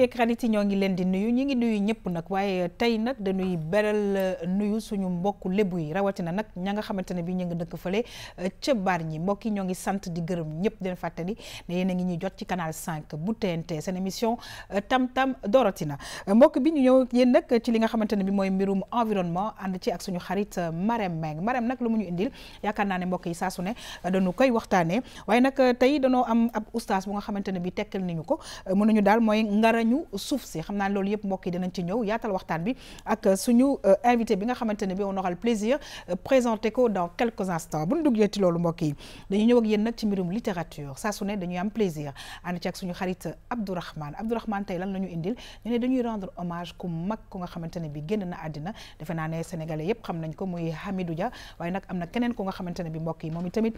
yeeg xarit yi ñoo ngi leen di nuyu ñi ngi nuyu ñëpp nag waaye tey nag dañuy beral euh, nuyu suñu mbokku lébu yi rawatina nag ña nga xamante ne bi ñu nga dëkk fële euh, ca baar ñi mbokk yi ñoo ngi sant di gërëm ñëpp den fàttali ne yéen a ngi ñuy jot ci canal 5 bu TNT seen émission euh, tam tam dooratina mbokk bi ñu ñëw yéen nag ci li nga xamante ne bi mooy mbirum environnement ànd ci ak suñu xarit Marème Meng Marème nag lu mu ñu indil yaakaar naa ne mbokk yi saa su ne dañu koy waxtaanee waaye nag tey danoo am ab oustaz nga xamante ne bi tekkal nañu ko suñu suuf si xamna naa loolu yëpp mbokk yi dinañ ci ñëw yaatal waxtaan bi ak suñu invité bi nga xamanteni bi on aura le plaisir présenter ko dans quelques instants buñ dugg yéti ci loolu mbokk yi dañu ñëw ak yéen nak ci mbirum littérature sa su ne dañuy am plaisir ànd ci ak suñu xarit Abdourahmane Abdourahmane tay lan lañu indil ñu ne dañuy rendre hommage ku mag ku nga xamanteni bi génn na àddina defe naa ne sénégalais yëpp xam nañ ko muy Hamidou Dia waaye nag am na keneen ku nga xamanteni bi mbokk yi moom tamit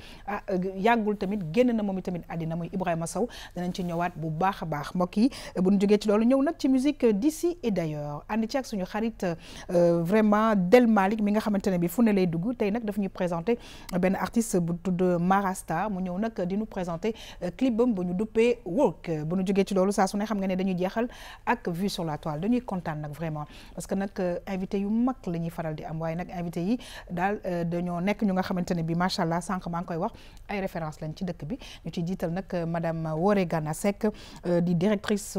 yàggul tamit génn na moom tamit àddina muy Ibrahima Sow danañ ci ñëwaat bu baax a baax mbokk yi buñ ñu jógee ci loolu ñëw nag ci musique d'ici et d'ailleurs ànd ci ak suñu xarit euh, vraiment Del Malik, mi nga xamantene bi fu ne lay dugg tay nak daf ñuy présenter ben artiste bu tudd Marasta mu ñëw nak di ñu présenter euh, clip bam bu ñu duppé work bu ñu joggé ci loolu sa su ne xam nga né dañuy jéxal ak vue sur la toile dañuy kontaan nak vraiment parce que nak euh, invité yu mak lañuy faral di am way nak invité yi dal dañoo nek ñu nga xamantene bi machallah sank ma maa ngi koy wax ay référence lañ ci dëkk bi ñu ci jital nak madame Woré Gana Seck di directrice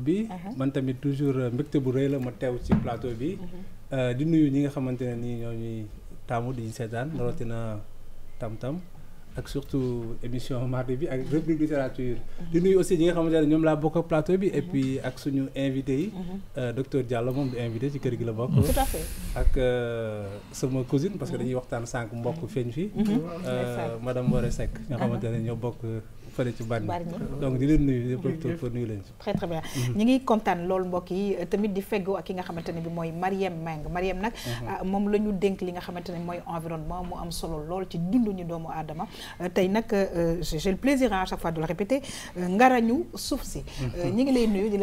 plateau bi. Uh-huh. man tamit toujours euh, mbégte bu rëy la ma teew ci plateau bi. Uh-huh. Euh, di nuyu ñi nga xamante ne nii ñoo ñuy taamu di seetaan uh-huh. rawatina tam tam. ak surtout émission mardi bi ak rubrique littérature di nuyu aussi ñi nga xamante ne ñoom laa bokk plateau bi et puis ak suñu invité yi euh, docteur Diallo moom du invité ci kër gi la bokk tout à fait ak sama cousine parce que dañuy waxtaan sànq mbokk feeñ fi madame Waré Seck ñoo xamante ne ñoo bokk donc très très bien mhm. ñi ngi de di ak Meng Mariem nous mhm. ah, li environnement mu am solo lool ci euh, euh, j'ai le plaisir hein, à chaque fois de le répéter euh, ngarañu suuf si mhm. ñi ngi lay nuyu di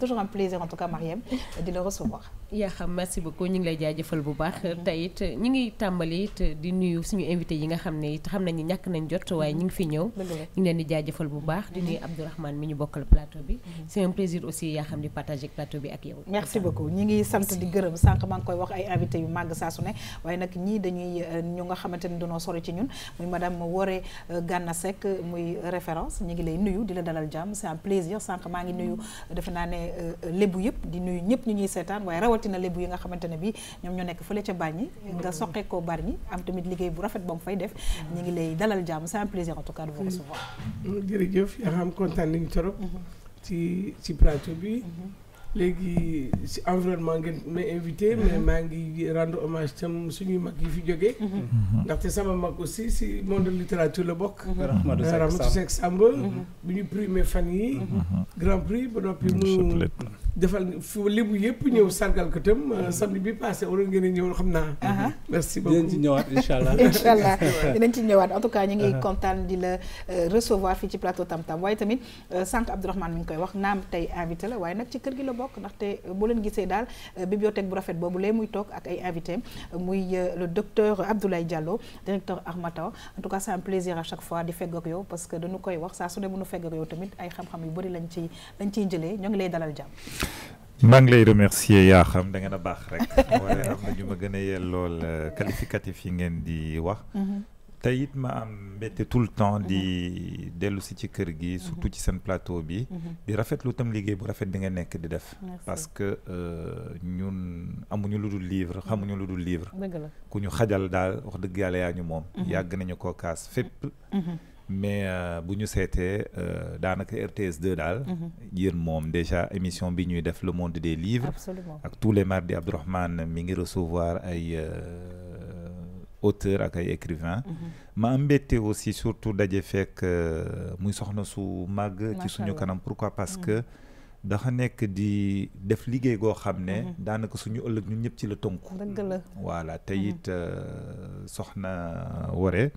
toujours un plaisir en tout cas Mariem de le recevoir yaa xam merci beaucoup ñu ngi lay jaajëfal bu baax mm-hmm. tey it ñu ngi tàmbali it di nuyu suñu invité yi nga xam ne it xam nañu ñàkk nañ jot waaye ñu ngi fi ñëw mm-hmm. ñu ngi leen di jaajëfal bu baax di mm-hmm. nuyu Abdourahmane mi ñu bokkal plateau bi c'est un plaisir aussi yaa xam di partager plateau bi ak yow merci ngi sant di gërëm sànq maa ngi koy wax ay invité yu màgg saa su ne waaye nag ñii dañuy euh, ñu nga xamante ne dañoo sori ci ñun muy madame Woré euh, Gana Seck muy référence ñu ngi lay nuyu di la dalal jàmm c'est un plaisir sànq maa ngi nuyu defe naa ne euh, lébu yëpp di nuyu ñëpp ñu ñuy seetaan waaye rawatina lebu yi nga xamantene ne bi ñom ñu nekk fële ci bañi nga mm-hmm. soxé ko barñi am tamit liggéey bu rafet bam fay def mm-hmm. ñi ngi lay dalal jamm c'est un plaisir en tout cas de vous mm-hmm. recevoir jërëjëf ya xam contane nañu torop ci ci plateau bi légui si environnement ngeen ma invité mais ma ngi rendre hommage tam suñu mag yi fi ndax té sama mag aussi si monde littérature la bok Rahmatou Seck Samb biñu primé fan yi grand prix ba nopi mu defal fu lébu yëpp ñëw sargal ko tam euh, samedi bi passé waroon ngeen a ñëw xam naa. merci beaucoup dinañ ci ñëwaat incha allah. incha allah dinañ ci ñëwaat en tout cas ñu ngi kontaan di la euh, recevoir fii ci plateau Tam Tam waaye tamit euh, sànq Abdourahmane mi ngi koy wax naam tey invité la waaye nag ci kër gi la bokk ndaxte boo leen gisee daal bibliothèque bu rafet boobu lee muy toog ak ay invité muy le docteur Abdoulaye Diallo directeur Harmattan en tout cas c'est un plaisir à chaque fois di ak yow parce que dañu koy wax saa su ne mënu ak yow tamit ay xam-xam yu bëri lañ ci lañ ciy jëlee ñoo ngi lay dalal jàmm maa remercier ya xam da ngeen a baax rek waaye am na ñu ma gën a euh, qualificatif yi ngeen di wax mhm. tay it ma am mbété tout le temps mhm. di delu ci ci kër gi mhm. surtout ci sen plateau bi di rafetlu tam liggéey bu rafet di nga nekk di def parce que euh, ñun amuñu lu dul livre xamuñu lu dul livre ku ñu xajal daal wax dëgg yàlla yaa ñu moom yàgg nañu ko kaas fépp mais euh, bu ñu dans euh, daanaka RTS 2 dal mhm. yeen mom déjà émission bi ñuy def le monde des livres. absolument ak tous les mardis Abdourahmane mi ngi recevoir ay euh, auteurs ak ay écrivains. Mhm. ma am aussi surtout daje fekk muy soxna su mag ci suñu kanam pourquoi parce mhm. que. dafa nekk di def liggéey goo xam ne. daanaka suñu ëllëg ñun ñëpp ci la tënku. dëgg la voilà te it soxna Wore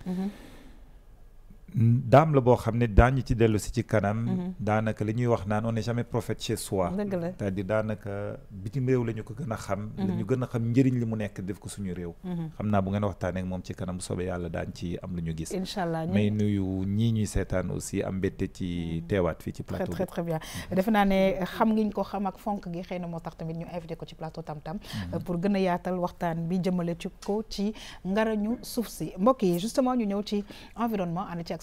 daam la boo xam ne daañu ci dellu si ci kanam. Mhm. daanaka li ñuy wax naan on est jamais prophète chez soi. dëgg la c'est-à-dire daanaka bitim réew la ñu ko gën a xam. Mhm. la ñu gën a xam njëriñ li mu nekk def ko suñu réew. Mhm. xam naa bu ngeen waxtaanee ak moom ci kanam bu soobee yàlla daan ci am lu ñu gis. incha may nuyu ñii ñuy seetaan aussi am mbette ci teewaat fii ci plateau très très bien defe naa ne xam ngiñ ko xam ak fonk gi xëy na moo tax tamit ñu invité ko ci plateau Tam Tam. pour gën a yaatal waxtaan bi jëmale ci ko ci ngarañu suuf si mbokk yi justement ñu ñëw ci environnement ànd ci ak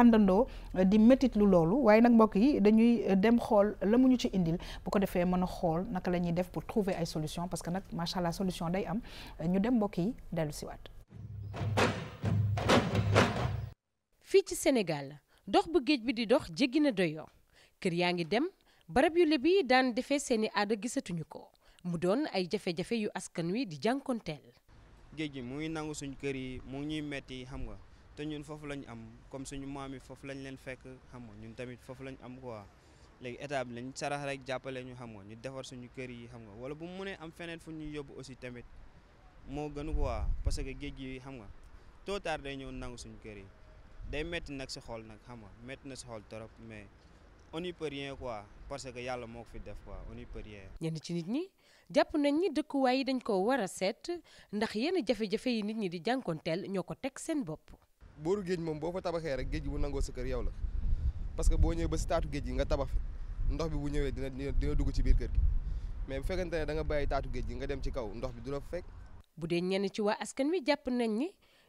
andando euh, di métit lu loolu waaye nak mbok yi dañuy euh, dem xol lamu ñu ci indil bu ko defee mëna xol nak lañuy def pour trouver ay solution parce que nak machallah solution day am euh, ñu dem mbok yi delu ci wat fii ci Sénégal dox bu geej bi di dox jéggi doyo doyoo kër yaa ngi dem barab yu lebi daan defé seeni aada gisatuñu ko mu doon ay jafe-jafe yu askan wi di jànkonteel géej gi mu ngi nangu suñu kër yi mu ngi ñuy metti xam nga te ñun foofu lañ am comme suñu maam yi foofu lañ leen fekk xam nga ñun tamit foofu lañ am quoi léegi état bi lañ sarax rek jàppale ñu xam nga ñu defar suñu kër yi xam nga wala bu mu am feneen fu ñuy yóbbu aussi tamit moo gën quoi parce que géej gi xam nga tôt tard day ñëw nangu suñu kër yi day metti nag si xol nag xam nga metti na si xol trop mais on n'y peut rien quoi parce que yàlla moo ko fi def quoi on n'y peut rien. ñenn ci nit ñi jàpp nañ ni dëkkuwaay yi dañ ko war a ndax yenn jafe-jafe yi nit ñi di jànkonteel ñoo ko seen bopp. booru géej moom boo fa tabaxee rek géej gi bu nangoo sa kër yow la parce que boo ñëwee ba si taatu géej gi nga tabax fi ndox bi bu ñëwee dina dina dugg ci biir kër gi mais bu fekkente ne danga nga bàyyi taatu géej gi nga dem ci kaw ndox bi du la fekk. bu dee ñenn ci waa askan wi jàpp nañ ni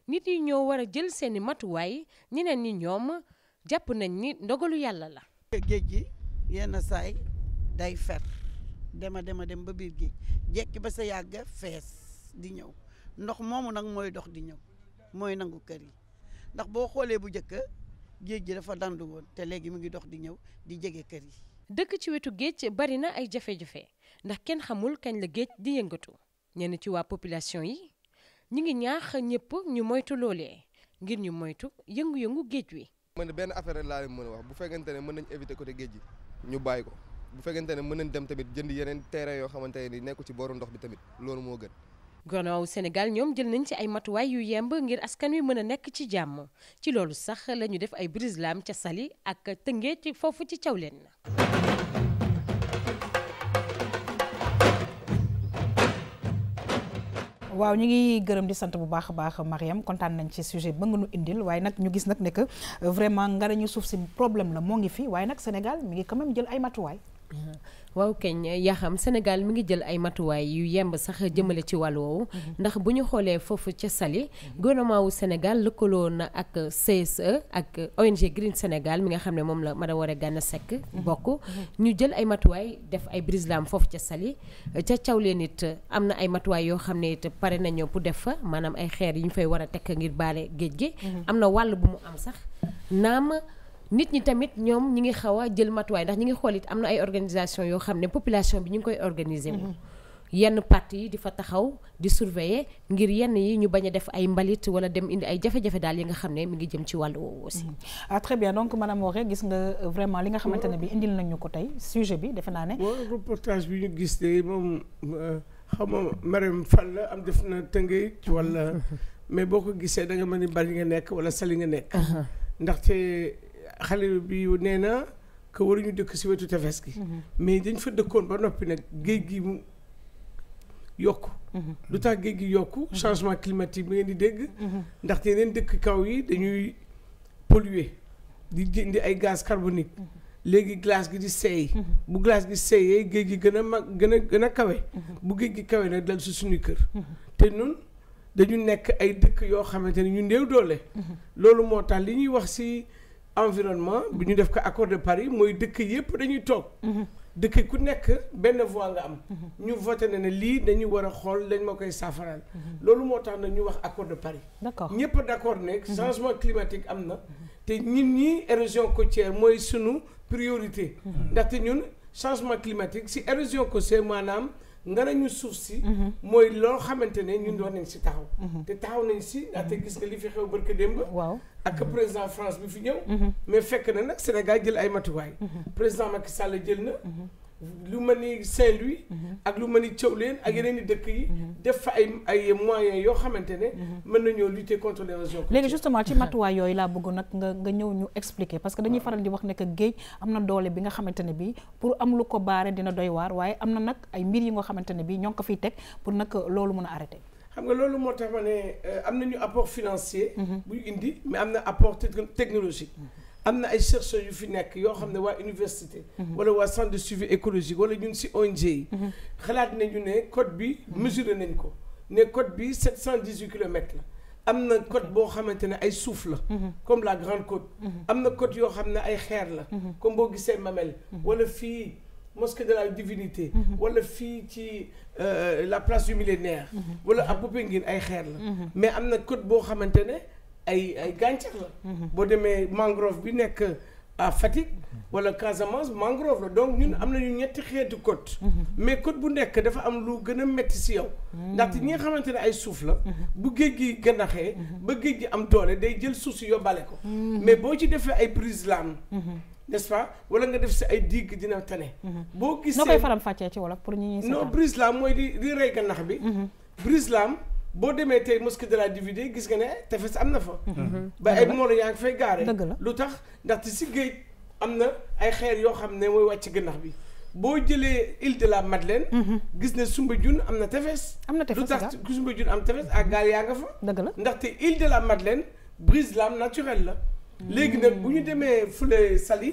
nit yi ñoo war a jël seeni matuwaay ñeneen ñi ñoom jàpp nañ ni ndogalu yàlla la. géej gi yenn saay day fer dema dema dem ba biir géej jekki ba sa yàgg fees di ñëw ndox moomu nag mooy dox di ñëw mooy nangu kër yi. ndax boo xoolee bu njëkk géej gi dafa dandu woon te léegi mu ngi dox di ñëw di jege kër yi. dëkk ci wetu géej bari na ay jafe-jafe ndax kenn xamul kañ la géej di yëngatu ñenn ci waa population yi ñu ngi ñaax ñëpp ñu moytu loolee ngir ñu moytu yëngu-yëngu géej wi. man benn affaire laa leen mën a wax bu fekkente ne mën nañ éviter côté géej gi ñu bàyyi ko bu fekkente ne mën nañ dem tamit jënd yeneen terrain yoo xamante ne nekku ci booru ndox bi tamit loolu moo gën. gouvernement wu Sénégal ñoom jël nañ ci ay matuwaay yu yemb ngir askan wi mën a nekk ci jàmm ci loolu sax la def ay brise ca sali ak Tëngéej ci foofu ci Thiawlène. waaw ñu ngi gërëm di sant bu baax a baax Mariam kontaan nañ ci sujet ba nga nu indil waaye nag ñu gis nag ne que vraiment nga ñu suuf si problème la moo ngi fi waaye nag Sénégal mu ngi quand même jël ay matuwaay. waaw keñ yaa xam Sénégal mi ngi jël ay matuwaay yu yemb sax jëmale ci wàll woowu mhm. ndax bu ñu xoolee foofu ca sali mhm. gouvernement wu Sénégal lëkkaloo na ak CSE ak ONG Green Sénégal mi nga xam ne moom la Madame Waré Gana sekk mhm. bokk ñu jël ay matuwaay def ay brise foofu ca sali ca caw Thiawlène it am na ay matuwaay yoo xam ne it pare nañoo pour def fa maanaam ay xeer yi ñu fay war a tekk ngir baale géej gi am na wàll bu mu am sax naam nit ñi tamit ñoom ñi ngi xaw a jël matuwaay ndax ñi ngi xool it am na ay organisation yoo xam ne population bi ñu ngi koy organiser wu mhm. yenn parti yi di fa taxaw di surveiller ngir yenn yi ñu bañ a def ay mbalit wala dem indi ay jafe daal yi nga xam ne mi ngi jëm ci wàllu woowu aussi. Mhm. ah très bien donc madame Woré gis nga euh, vraiment li nga xamante ne bi indil nañu ko tey sujet bi defe naa ne. reportage bi ñu gis moom euh, xam nga Marème Fall la am def na tëngee ci wala mais boo ko gisee da nga mën ni bari nga nekk wala sali nga nekk. Uh-huh. ndaxte. xale bi nee na que waruñu dëkk si wetu tefes gi. Mhm. mais dañ fa dëkkoon ba noppi nag géej gi mu yokku. Mhm. lu tax géej gi yokku. Mhm. changement climatique bi ngeen di dégg. ndaxte yeneen dëkk kaw yi dañuy polluer di jëndi ay gaz carbonique. léegi glace gi di seey. bu glace gi seeyee géej gi gën a mag gën a gën a kawe. bu géej gi kawe nag dal si suñuy kër. te nun dañu nekk ay dëkk yoo xamante ne ñu néew doole. loolu moo tax li ñuy wax si environnement nous ñu def ko accord de Paris mooy dëkk yépp dañuy toog. Mhm. dëkk ku nekk benn voix nga am. Mhm. ñu voté ma koy mhm. tax na ñu accord de Paris. d'accord ñëpp d'accord ne changement climatique am na. érosion côtière sunu priorité. changement climatique si érosion côtière nga nañu suuf si. Mhm. mooy loo xamante ne ñun doon nañ si taxaw. Mhm. te taxaw nañ si ndaxte gis nga li fi xew barka démb. waaw ak mhm. président France bi fi ñëw. mais fekk na nag Sénégal jël ay matuwaay. président Macky Sall jël na. lu Saint-Louis. Mhm. ak lu mel ni Thiawlène ak mhm. yeneen i dëkk yi. Mhm. def fa ay ay moyens yoo xamante lutter contre l'érosion. léegi justement ci matuwaay yooyu laa bëgg nag nga nga ñëw ñu expliquer parce que dañuy faral di wax ne que amna am na doole bi nga pour am lu ko baare dina doy waar à am na nag ay mbir yi nga xamante ko fiy pour nak, loolu mën a arrêté. xam nga loolu euh, apport financier. bu indi mais am apport technologique amna ay chercheurs yu fi nekk yoo xam ne waa université. Mhm. wala waa centre de suivi écologique wala ñun si ONG yi. Mhm. xalaat nañu ne code bi mhm. mesurer nañ ko ne code bi 718 km. la. am na côte boo xamante ne ay suuf la. comme la grande côte. am na côte yoo xam ne ay xeer la. comme boo gisee Mamel. wala fii mosquée de la divinité. wala fii ci euh, la place du millénaire. wala à Popenguine ay xeer la. mais am na côte boo xamante ne. ay ay gàncax la. boo demee mangrove bi nekk à euh, Fatick. wala Casamance mangrove la donc ñun am nañu ñetti xeetu côte. mais code bu nekk dafa am lu gën a métti si yow. ndaxte ñi nga xamante ne ay suuf la. bu géej gi gànnaxee. ba géej gi am doole day jël suuf si yóbbaale ko. mais boo ci defee ay brise lames. n'est-ce pas wala nga def si ay digg dina tane. boo gisee noo koy faram fàccee ci wolof pour ñi ñuy. non brise lame mooy di di rey gànnax bi. Mhm. brise lame. بو ديمي تي مسك دي لا دي في دي غيس غني تفس امنا فا با مول يانغ في غاري لوتاخ داك تي سي امنا اي خير يو خامني موي واتي غنخ بي بودي جيلي ايل مدلين لا مادلين غيس ني سومبا جون امنا تفس امنا تفس لوتاخ سومبا جون ام تفس ا غال يانغ فا دغلا داك تي ايل دي لا مادلين بريز لام ناتوريل لا ليغ نك بو ني سالي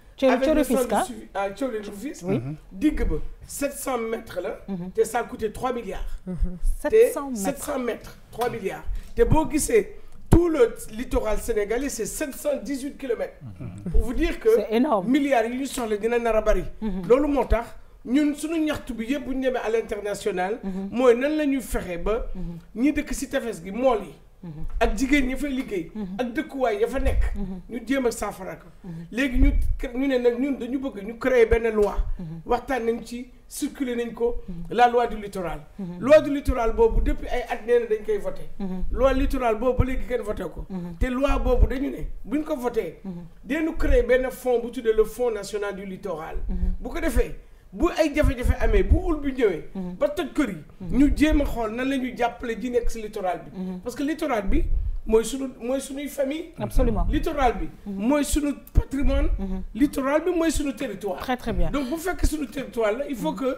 Avec le ah, centre 700 mètres là, mhm. ça a coûté 3 milliards 700 mhm. mètres 3 milliards beau qui c'est tout le littoral sénégalais c'est 718 km. Mhm. pour vous dire que milliards milliard il soxla dina nar a bari loolu nous tax ñun suñu ñaxtu bi yëpp bu à l'international nous nan à l'international. nous ba ñi ci gi ak jigéen ñi fay liggéey. ak dëkkuwaay ya fa nekk. ñu jéem ak saafara ko. léegi ñu ñu ne nag ñun dañu bëgg ñu créer benn loi. waxtaan nañ ci circuler nañ ko. la loi du littoral. loi du littoral boobu depuis ay at nee dañ koy voté. loi littoral boobu ba léegi kenn vote ko. te loi boobu dañu ne buñ ko voté. Mm-hmm. dinañu créer benn fonds bu tuddee le fonds national du littoral. Mm-hmm. bu ko defee. bu ay jafe-jafe amee bu ul bi ñëwee. Mhm. ba toj kër yi. Mhm. ñu jéem a xool nan littoral mhm. parce que littoral bi mooy sunu famille. absolument littoral bi. notre sunu patrimoine. littoral bi notre territoire. très très bien donc que sur notre territoire il faut que.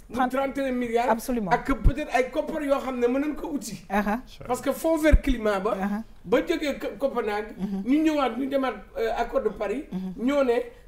31 milliards absolument Et peut-être ay koppar yoo xam ne mën nañ outils. parce que fond vert climat on est à Copenhague. nous mhm. avons ñu demaat euh, accord de Paris. Mhm. ñoo ne.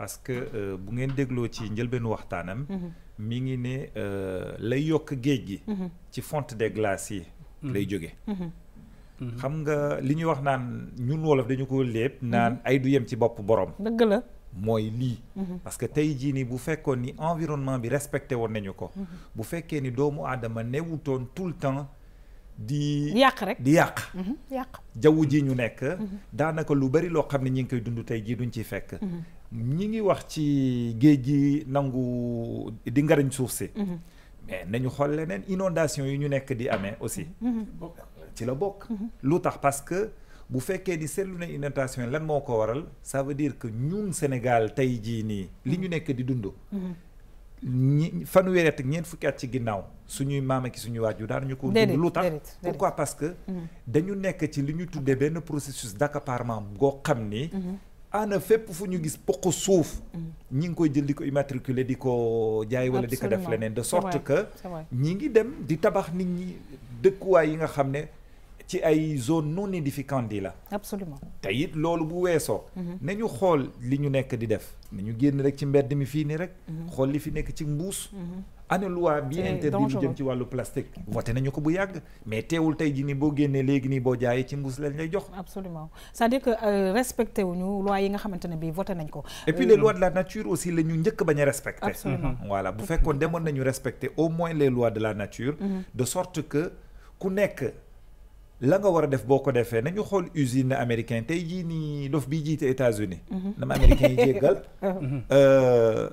parce que euh, bu ngeen dégloo ci njëlbeenu waxtaanam. Mhm. mi ngi ne euh, lay yokk géej gi. Mhm. ci fonte des glaces yi. Mhm. lay jóge xam nga li ñuy wax naan ñun wolof dañu ko lépp naan ay du yem ci bopp borom. dëgg la. mooy lii parce que tey jii nii bu fekkoon ni environnement bi respecté woon nañu ko bu fekkee ni doomu aadama newutoon tout le temps di yàq rek di yàq yàq jaww ji ñu nekk daanaka lu bari loo xam ne ñi ngi koy dund tey jii duñ ci fekk ñi ngi wax ci géej gi nangu di ngarañ suuf si. Mhm. mais nañu xool leneen inondation yi ñu nekk di amee aussi. Mhm. ci la bokk. Mhm. lu tax parce que bu fekkee di seetlu na inondation yi lan moo ko waral ça veut dire que ñun Sénégal tey jii nii li ñu nekk di dund. ñi fanweeri at ak ñeent fukki at ci ginnaaw suñuy maam ak suñuy waajur daan ñu ko dund lu tax pourquoi parce que dañu nekk ci li ñu tuddee benn processus d'accaparement goo xam ni ana fépp fu ñu gis poq suuf mm. ñi ngi koy jël di ko immatriculer di ko jaay wala di ko def leneen de sorte que ñi ngi dem di tabax nit ñi dëkkuwaay yi nga xam ne ci ay zone non édificantes yi la absolument te it loolu bu weesoo mm-hmm. nañu xool li ñu nekk di def ñu génn rek ci mbedd mi fii nii rek mm-hmm. xool li fi nekk ci mbuus mm-hmm. ane loi bi interdit dem ci walu plastique voté nañu ko bu yàgg mais téwul tey ji ni bo génné légui ni bo jaay ci mbuus lañ lay jox absolument c'est-à-dire que euh, respecté wuñu loi yi nga xamantene bi voté nañ ko et puis les euh, lois de la nature aussi la ñëk baña respecter a mm-hmm. voilà bu fekkoon demone nañu respecter au moins les lois de la nature mm-hmm. de sorte que ku nekk la nga wara def boko defé nañu xol usine américain tey jii nii dof bi jité États-Unis mm-hmm. dama américain yi jéggal uh-huh. euh,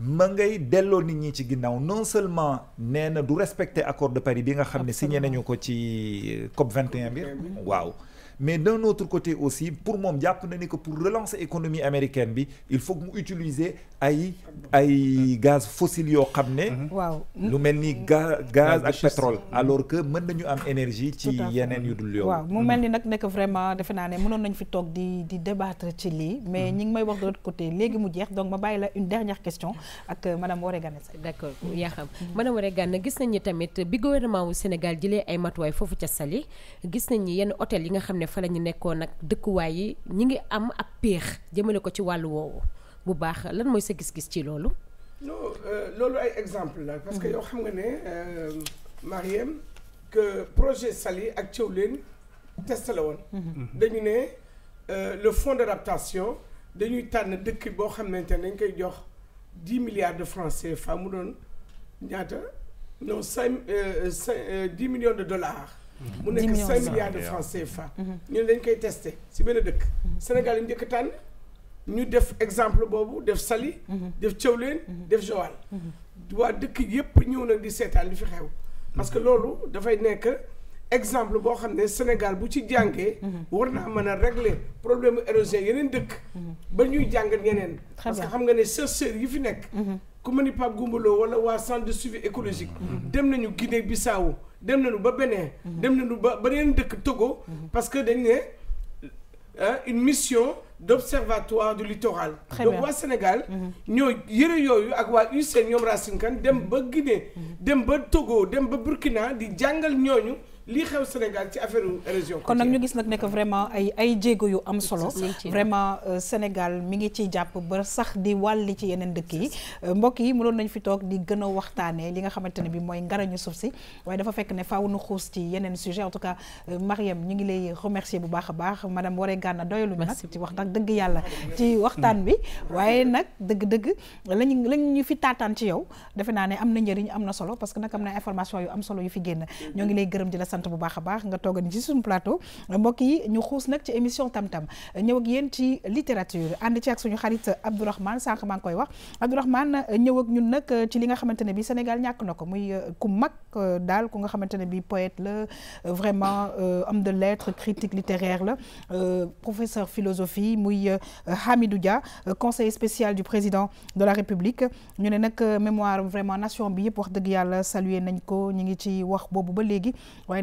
ma ngay delloo nit ñi ci ginnaaw non seulement nee na du respecter accord de Paris bi nga xam ne signé nañu ko ci euh, COP 21 bi waaw mais d'un autre côté aussi pour moom jàpp na ni que pour relancer économie américaine bi il faut que mu utiliser ay ay gaz fossile yoo xam ne mhm. waaw lu gaz gaz ak pétrole mhm. alors que mën nañu am énergie ci yeneen yu dul yooyu waaw mu mel mhm. ni nag vraiment defe naa ne mënoon nañ fi toog di di débattre ci lii mais ñi may wax de l'autre côté léegi mu jeex donc ma bàyyi la une dernière question ak euh, madame Woré Gane d'accord mm. y'a xam mm. madame Woré Gane gis nañu tamit bi gouvernement wu Sénégal jëlee ay matuwaay foofu ca Saly gis nañu yenn hôtel yi nga xam ne fa lañu ñu nekkoon nag dëkkuwaay yi ñi ngi am ab péex jëmale ko ci wàllu woowu bu baax lan mooy sa gis-gis ci loolu. non euh, loolu ay exemple la. parce que mhm. yow xam nga ne euh, Mariem que projet sali ak Thiawlène test la woon. Mhm. dañu ne euh, le fonds d'adaptation dañuy tànn dëkk boo xamante ne dañ koy jox 10 milliards de francs CFA mu doon ñaata non cinq cinq millions de dollars. mu nekk 5 milliards de francs CFA. Mm-hmm. ñu ne dañ koy testé si benn dëkk. Mm-hmm. Sénégal yi njëkk a tànn ñu def exemple boobu def Saly. Mm-hmm. def Thiawlène def Joal. waa dëkk yépp ñëw nag di seetaan li fi xew. parce que loolu dafay nekk exemple boo xam ne Sénégal bu ci jàngee. war naa mën a régler problème érosion yeneen dëkk. ba ñuy jàngat yeneen. parce que xam nga ne chercheurs yi fi nekk. ku mel ni Pape Goumbalo wala waa centre de suivi écologique dem nañu Guinée Bissau dem nañu ba Bénin dem nañu ba beneen dëkk Togo parce que dañ hein, une mission d'observatoire du littoral donc waa Sénégal mhm. ñoy yëre yoyu ak wa UCN ñom Racine kan dem ba Guinée mhm. dem ba Togo dem ba Burkina di jangal ñooñu li xew Sénégal ci affaire érosion kon nag ñu gis nag nekk vraiment ay ay jéego yu am solo vraiment euh, Sénégal mi ngi ciy jàpp ba sax di wàlli ci yeneen dëkk yi euh, mbokk yi mënoon nañ fi toog di gën a waxtaanee li nga xamante bi mooy ngarañu suuf si waaye dafa fekk ne faaw nu xuus ci yeneen sujet en tout cas euh, Mariam ñu ngi lay remercier bu baax a baax madame Waré Gana doyaluñu nag ci waxtaan dëgg yàlla ci waxtaan bi waaye nak dëgg-dëgg lañu lañ ñu fi taataan ci yow defe naa ne am na njëriñ solo parce que nag am na information yu am solo yu fi génn mm-hmm. ñoo ngi lay gërëm di la sant bu baax baax nga toogan ci sun plateau mbokk yi ñu xuus nak ci émission tam-tam ñëw ak yéen ci littérature and ci ak suñu xarit Abdourahmane sànq maa ngi koy wax Abdourahmane ñew ak ñun nak ci li nga xamantene bi Sénégal ñak nako muy euh, ku mak euh, dal ku nga xamantene bi poète le euh, vraiment homme de lettres critique littéraire la professeur philosophie muy Hamidou Dia conseiller spécial du président de la République ñu né nak mémoire vraiment nation bi yëpp wax dëgg yalla saluer nañ ko ñi ngi ci wax bobu ba légui waaye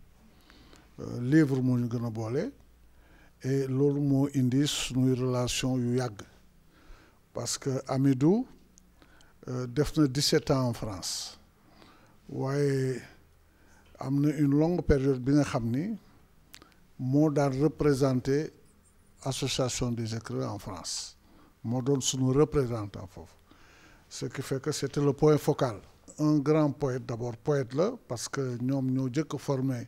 Euh, livre mo ñu et lolu mo indi relations relation yu parce que Amidou euh, def 17 ans en France il am une longue période bi nga xamni mo association des écrivains en France mo doon suñu représentant ce qui fait que c'était le point focal un grand poète d'abord poète là, parce que ñom ñoo jëk formé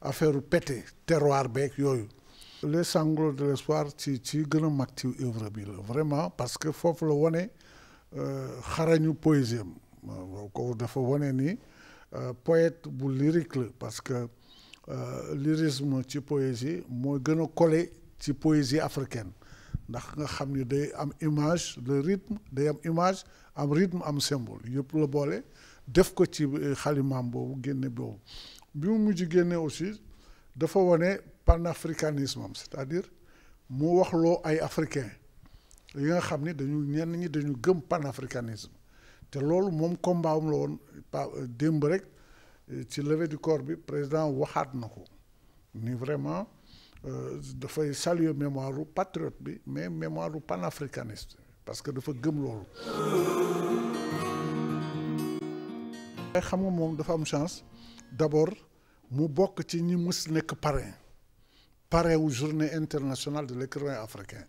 affaire pété terroir beeg yooyu. les sanglots de l'espoir ci ci gëna a mag ci œuvre bi la vraiment parce que foofu la euh xarañu poésie ko dafa woné ni euh, poète bu lyrique la parce que euh, lyrisme ci poésie mooy gëna collé ci poésie africaine ndax nga xam day am image le rythme day am image am rythme am symbole yëpp la bolé def ko ci euh, xalimaam boobu génne nous mujj génne aussi dafa panafricanisme c'est-à-dire mu waxloo ay africain yi nga dañu dañu gëm panafricanisme te loolu moom la du corps bi président ni vraiment euh, dafay saluer mémoire patriote bi mais mémoire panafricaniste parce que dafa gëm loolu xam nga dafa am chance d'abord mu bok ci ñi que nek parrain parrain la journée internationale de l'écrivain africain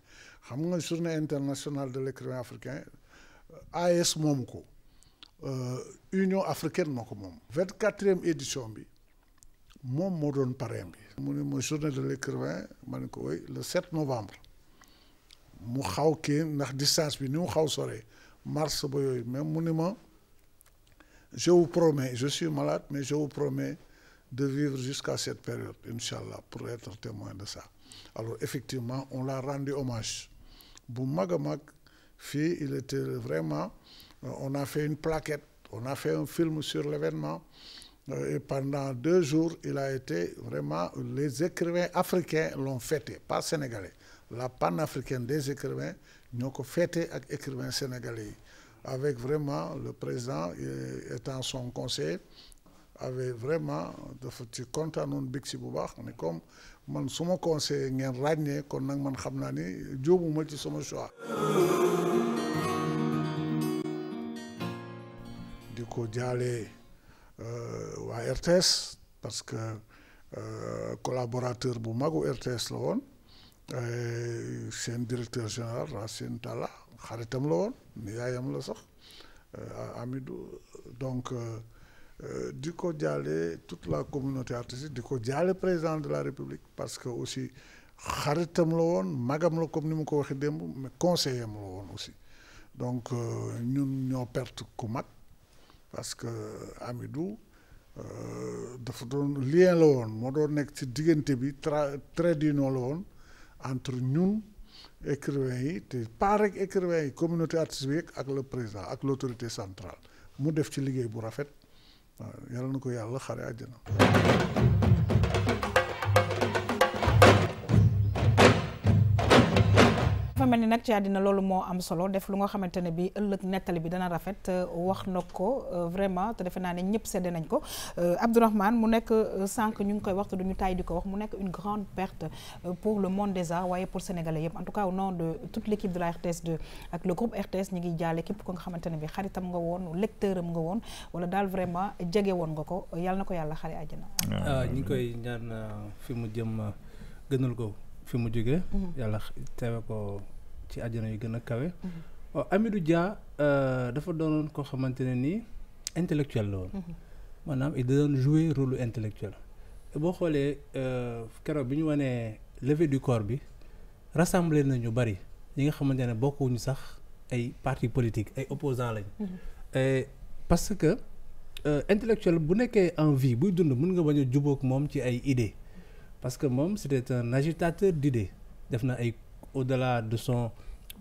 xam nga journée internationale de l'écrivain africain AS mom ko euh, Union africaine moo 24e édition bi mom mo doon parrain bi mu journée de l'écrivain le 7 novembre mu xaw kii ndax distance bi ni mu xaw sore mars ba mu je vous promets, je suis malade, mais je vous promets de vivre jusqu'à cette période, Inch'Allah, pour être témoin de ça. Alors effectivement, on l'a rendu hommage. Boumagamak, fille, il était vraiment... Euh, on a fait une plaquette, on a fait un film sur l'événement. Euh, et pendant deux jours, il a été vraiment... Les écrivains africains l'ont fêté, pas sénégalais. La africaine des écrivains, nous avons fêté avec écrivains sénégalais avec vraiment le président étant son conseil, avec vraiment foutu ci à à nous bu baax comme mon su conseil conseiller ngeen ràññee kon nag man xam naa ni jóobuma ci son choix Du ko euh, à RTS parce que euh, collaborateur bu RTS c'est un directeur général Racine Talla xaritam la woon ni yaayam la sax euh, Amidou donc euh, euh, di ko jaale toute la communauté artistique di ko jaale président de la république parce que aussi xaritam la woon magam la comme ni mu ko waxee démb mais conseiller am la woon aussi donc ñun ñoo perte ku mag parce que Amidou dafa doon lien la woon moo doon nekk ci diggante bi tra trait la woon entre ñun écrivain yi te pas rek yi communauté artiste bi ak le président ak l'autorité centrale mu def ci liggéey bu rafet waaw yal na ko yàlla xare àjjana mel ni nag ci adina lolu mo am solo def lu nga xamante ne bi euleuk netali bi dana rafet euh, wax nako euh, vraiment te defe naa ne ñëpp sedde nañ ko euh, Abdourahmane mu nek sank ñu ngi koy waxtu duñu tay di ko wax mu nek une grande perte pour le monde des arts waye pour sénégalais yëpp en tout cas au nom de toute l'équipe de la RTS2 ak le groupe RTS ñi ngi jaale képp ko nga xamante ne bi xaritam nga won lecteuram nga won wala dal vraiment djégé won nga ko yalla nako yalla yàlla xare ah, ah, ñi ngi koy ñaan fi mu jëm gënal ko fi mu jóge mm-hmm. yalla téwé ko ci àjjana yu gën a kawe. waaw mm-hmm. Hamidou oh, Dia euh, dafa doonoon koo xamante ne nii intellectuel la woon. Mm-hmm. maanaam il doon jouer rôle intellectuel boo xoolee euh, keroog bi ñu wanee levé du corps bi rassemblé nañu bari ñi nga xamante ne bokkuñu sax ay parti politique ay opposants lañ. Mm-hmm. parce que euh, intellectuel bu nekkee en vie buy dund mën nga bañ a jubóog moom ci ay idée parce que moom c'était un agitateur d'idées def na ay au-delà de son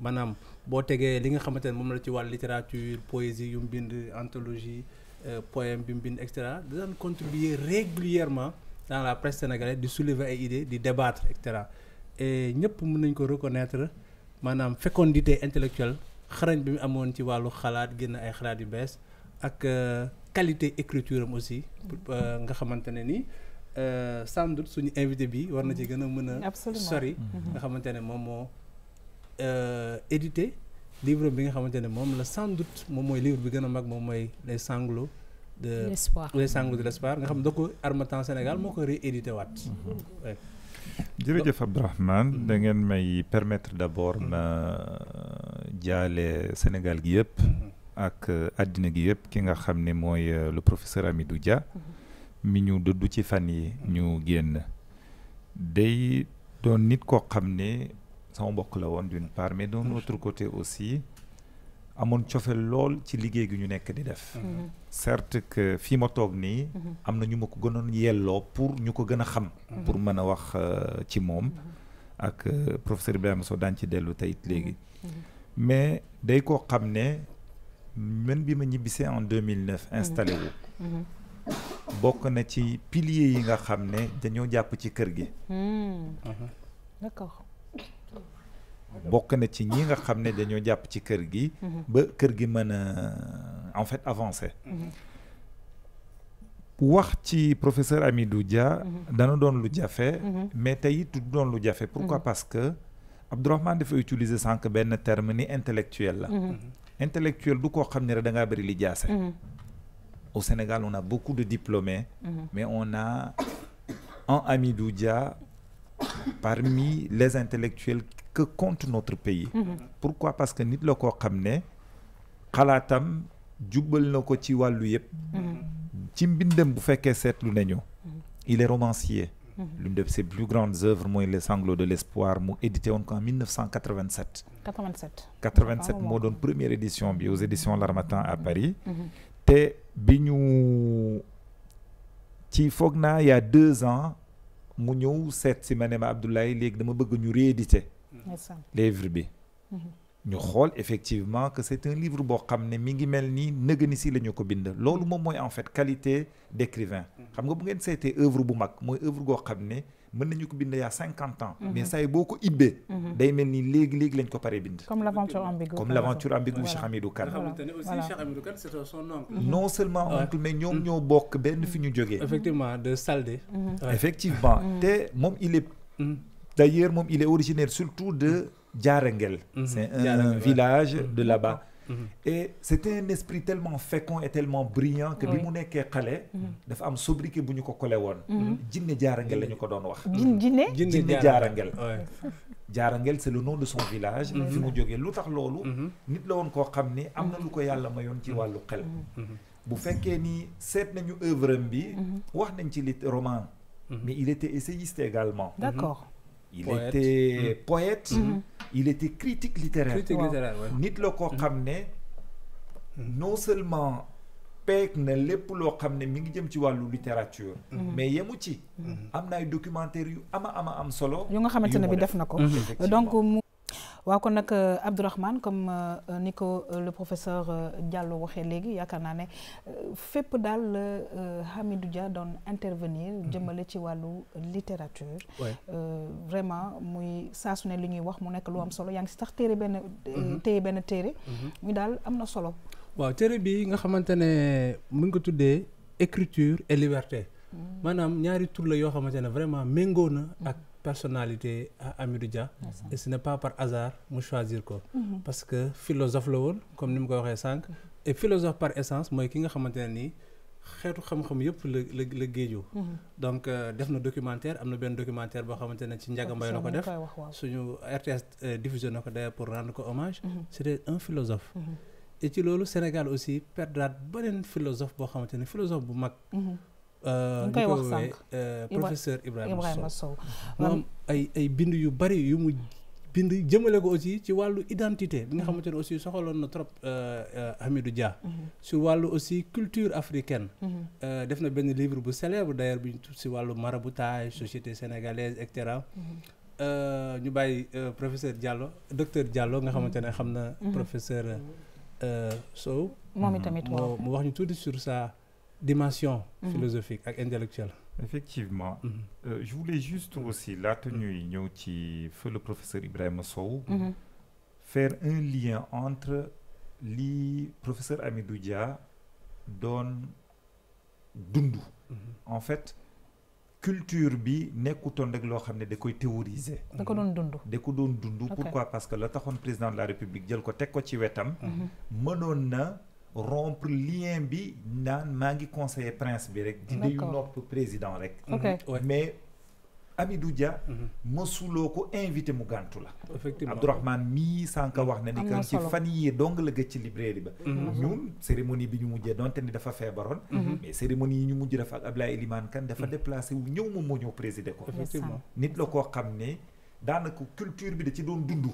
manam bo tegee li nga xamante ne la ci wal littérature poésie yum bind anthologie euh, poème bi bind etc contribuer régulièrement dans la presse sénégalaise di soulever ay idées di débattre etc. et ñëpp mën nañ ko reconnaître manam fécondité intellectuelle xarañ bi mu amoon ci walu xalaat génn ay xalaat yu bees ak euh, qualité écriture am aussi euh, nga xamante ni. Euh, sans doute suñu invité bi war na ci gën a mën a sori mhm. nga xamante ne moom moo euh, édité livre bi nga xamante ne moom la sans doute moom mooy livre bi gën a mag moom mooy les sanglots de l'espoir les sanglots de l'espoir nga xam da ko Harmattan Sénégal moo ko réédité waat mhm. jërëjëf Abdourahmane mhm. da ngeen may permettre d'abord ma euh, jaale Sénégal gi yëpp ak àddina gi yëpp ki nga xam ne mooy le professeur Hamidou Dia mi ñu dëddu ci fan yi ñu génn day doon nit ko xam ne sama mbokk la woon d'une part mais d'un autre côté aussi amoon cofe lool ci liggéey gi ñu nekk di def mm-hmm. certes que fii ma toog nii mm-hmm. am na ñu ma ko gënoon yelloo pour ñu ko gën a xam mm-hmm. pour mën a wax euh, ci moom ak euh, professeur Ibrahima Sow daan ci dellu tey it léegi mais day ko xam ne man bi ma ñibbisee en 2009 installé wu bokk na ci pilier yi nga xam ne dañoo jàpp ci kër gi. Hmm. Uh-huh. bokk na ci ñi nga xam ne dañoo jàpp ci kër gi. Uh-huh. ba kër gi mën a en fait avancer. Uh-huh. wax ci professeur Hamidou ja dana doon lu jafe. mais tey du doon lu jafe. pourquoi parce que Abdourahmane dafa utiliser sànq benn terme ni intellectuel la. intellectuel du koo xam ne rek da ngaa bëri li au Sénégal, on a beaucoup de diplômés, mhm. mais on a un Amidou Dia parmi les intellectuels que compte notre pays. Mhm. Pourquoi Parce que nit Kamné, Kalatam, que Khalatam, xalaatam jubbal mhm. il est romancier. l'une de ses plus grandes œuvres moi, les sanglots de l'espoir édité en 1987. 87 87 moo première édition bi aux éditions Larmatin à Paris. te bi ñu ci foog naa y a deux ans mu ñëw seet si ma ne ma Abdoulaye léegi dama bëgg ñu rééditer livre bi mhm. Nous xool effectivement que c'est un livre bo xamné mi ngi mel nii ni si la ko bind lolu mom moy en fait qualité d'écrivain xam nga bu ngeen seetee œuvre bu mag moy œuvre go xamné ne mën nañu ko bind ya 50 ans mhm. mais say boko boo mhm. day melni nii léegi lañ ko paré bind comme l'aventure ambiguë comme l'aventure ambiguë Cheikh Hamidou Kane aussi Cheikh c'est son oncle mhm. non seulement oncle mais ñoom ñoo bokk benn fiñu joggé effectivement de Saldé effectivement té mom il est d'ailleurs mom il est originaire surtout de Djarengel. Mm C'est un village mhm. de là-bas. Mm Et c'était un esprit tellement fécond et tellement brillant que bi mu nekkee xale. Mhm. Mhm. dafa am sobriquet bu ñu ko collé woon. Jinne Djarengel la ñu ko doon wax. Jinne Jinne Djarengel. Djarengel c'est le nom de son village. Il mu jógee lu tax loolu. nit la woon koo xam ni am na lu ko yàlla mayoon ci wàllu xel. bu fekkee ni œuvre bi. wax nañ ci lit roman. mais il était essayiste également. d'accord il poète. était mmh. poète mmh. il était critique littéraire critique littéraire nit la koo mm-hmm. xam non seulement pek ne lepp lo xamné mi ngi jëm ci walu littérature mm-hmm. mais yemu ci mm-hmm. am ay documentaire yu ama ama am solo yu nga xamantene bi def nako donc mu wa kon que euh, Abdourahmane comme euh, Nico euh, le professeur Diallo waxee léegi yaakaar naa ne fépp d'al la Hamidou Dia doon intervenir mhm. jëmale ci wàllu littérature vraiment muy saa su ne li ñuy wax mu nekk lu am solo y'a ngi si tax téere benn mhm. téye benn téere muy mhm. daal solo wa téere bi nga xamantene, ne mu ngi ko écriture et liberté maanaam ñaari tur la le yo ne vraiment méngoo na ak personnalité à Hamidou Dia et ce n'est pas par hasard nous choisir quoi mhm. parce que philosophe la woon comme ni mu ko waxee sànq mhm. et philosophe par essence mooy ki nga xamante ne nii xeetu xam-xam yëpp la la la géejoo mhm. donc euh, def na documentaire am na benn documentaire boo xamante ne ci Ndiaga Mbaye euh, na ko def suñu RTS diffusion na ko pour rendre ko hommage c'était un philosophe et ci loolu Sénégal aussi perdaat beneen philosophe boo xamante ne philosophe bu mag euh, ñu koy wax sànq euh, professeur Ibrahima Sow moom ay ay bind yu bari yu mu bind jëmale ko aussi ci wàllu identité bi nga mm-hmm. xamante ne aussi soxaloon na trop euh, Hamidou Dia sur mm-hmm. wàllu aussi culture africaine mm-hmm. def na benn livre bu célèbre d'ailleurs bu ñu tudd si wàllu maraboutage société sénégalaise et cetera ñu bàyyi professeur Diallo docteur Diallo nga xamante ne xam na professeur Sow moom itamit mu wax ñu tuuti sur ça dimension mhm. philosophique et intellectuelle effectivement mhm. euh, je voulais juste aussi tenue tenue ñëw ci feu le professeur Ibrahim Sow mhm. faire un lien entre le professeur Amidou Dia doon Dundou. en fait culture bi nekkutoon pas loo da koy théoriser da ko pourquoi parce que le président de la république jël ko teg ko ci wetam mënoon na rompre lien bi nan mangi conseiller prince bi rek. di dayu nopp président rek. Mhm. mais Amidou Dia. Mhm. mësuloo ko invité mu gàntu la. effectivement Abdourahmane mi sànq mhm. wax na ni que ci fani yii dong la gëj ci librairie ba. ñun cérémonie bi ñu mujjee donte ni dafa febaron mais cérémonie yi ñu mujj dafa ak Abdoulaye Elimane kan dafa déplacé wu ñëw mo moo ñëw présider ko. effectivement nit la koo xam culture bi da ci doon dundu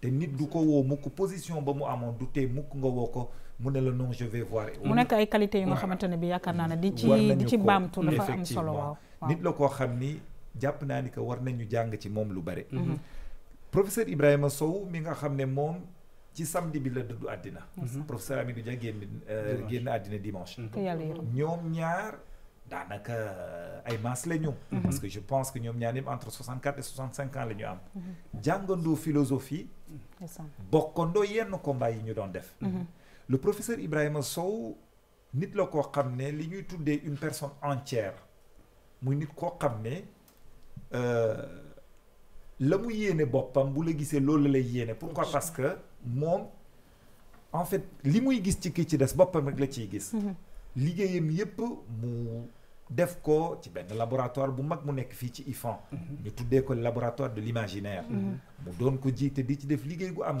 te nit du ko woo position ba mu amon du tee mukk nga woo ko mu ne la non je vais voir. mu nekk ay qualité yu nga xamantene bi yakarna na di ci di ci baamtu dafa am solo waaw nit la ko xamni japp jàpp naa ni que war nañu jang ci mom lu bare. Mhm. professeur Ibrahima Sow mi nga xamne mom ci samedi bi la dëddu adina mhm. professeur Amidou Dia génn genn euh, adina dimanche mhm. ñom ñaar daanaka euh, ay maas la ñu parce que je pense que ñom ñaar entre 64 et 65 ans la ñu am jàngandoo philosophie bokkondo yenn combat yi ñu doon def le professeur Ibrahim Sow nit la une personne entière muy nit ko xamné ne euh, la mu yéene bopam bu la loolu pourquoi parce que en fait li ci des bopam la mhm. yépp mu def ko ci laboratoire bu mag mu ci IFAN mhm. ñu tuddee ko laboratoire de l'imaginaire mhm. mu doon ko jiite di ci def gu am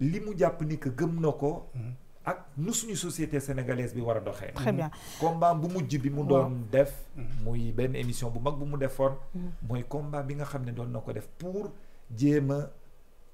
li mu jàpp ni que gëm na ko. Hmm. ak nu suñu société sénégalaise bi war a doxee. très bien hmm. combat bu mujj bi mu doon def. Hmm. muy benn émission bu mag bu mu defoon. mooy combat bi nga xam ne doon na ko def pour jéem a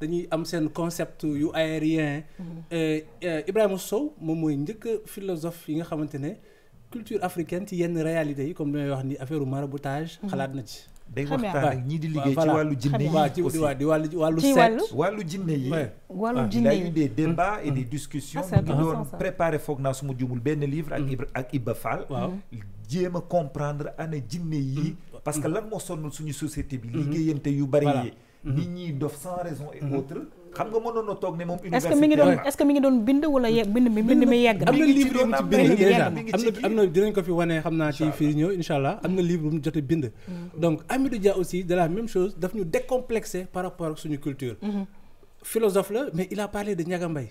dañuy am seen concept yu aérien mhm. euh, euh, Ibrahima Sow moom mooy njëkk philosophe yi nga xamante ne culture africaine ci yenn réalité yi comme li wax ni affaire maraboutage mhm. xalaat na ci day waxtaan ak ñii di liggéey ci wàllu jinne yi aussi waaw di wàllu wàllu seet wàllu jinne yi wàllu ah, jinne yi des débats et des mm. discussions ñu ah, ngi doon préparé foog naa su ma jumul benn livre ak mm. Ibra ak Iba Fall waaw jéem a comprendre ana jinne yi mm. parce que lan moo sonnul suñu société bi mm-hmm. liggéeyante yu bari yi Mm-hmm. nit ñi dof sans raison et mm-hmm. autre xam nga mënoon tok né ne moom. université est-ce que mi ngi doon est-ce que mi ngi doon bind wala ye bind mi bind mi yegg. amna na livre mu ci bind déjà amna na dinañ ko fi wane xamna ci fi ñëw inshallah amna am na livre mu jotté bind. Mm-hmm. donc Hamidou Dia aussi de la même chose daf ñu décomplexé par rapport à suñu culture. philosophe la mais il a parlé de Ndiaga Mbaye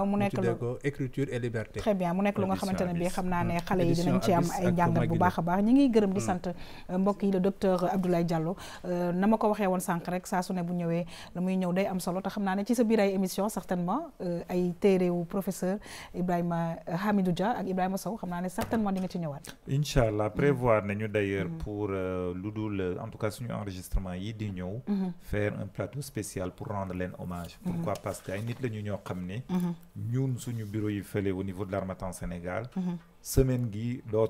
mu nekk lu écriture et liberté très bien mu nekk lu nga xamante ne bii xam naa ne xale yi dinañ ci am ay njàngat bu baax ñi ngi mm. euh, mbokk yi le docteur Abdoulaye Diallo euh, na ma ko waxee woon sànq rek saa su ne bu ñëwee la muy ñëw day am solo te xam naa ci sa émission certainement euh, ay téere professeur Ibrahima Hamidou Dia ak Ibrahima Sow xam naa certainement di nga ci ñëwaat incha allah mm. prévoir nañu d'ailleurs mm-hmm. pour lu en tout cas suñu enregistrement yi di ñëw mm-hmm. faire un plateau spécial pour rendre leen hommage mm-hmm. pourquoi parce que ay nit la ñu ñoo sommes au bureau yi au niveau de en Sénégal mhm. semaine gi doo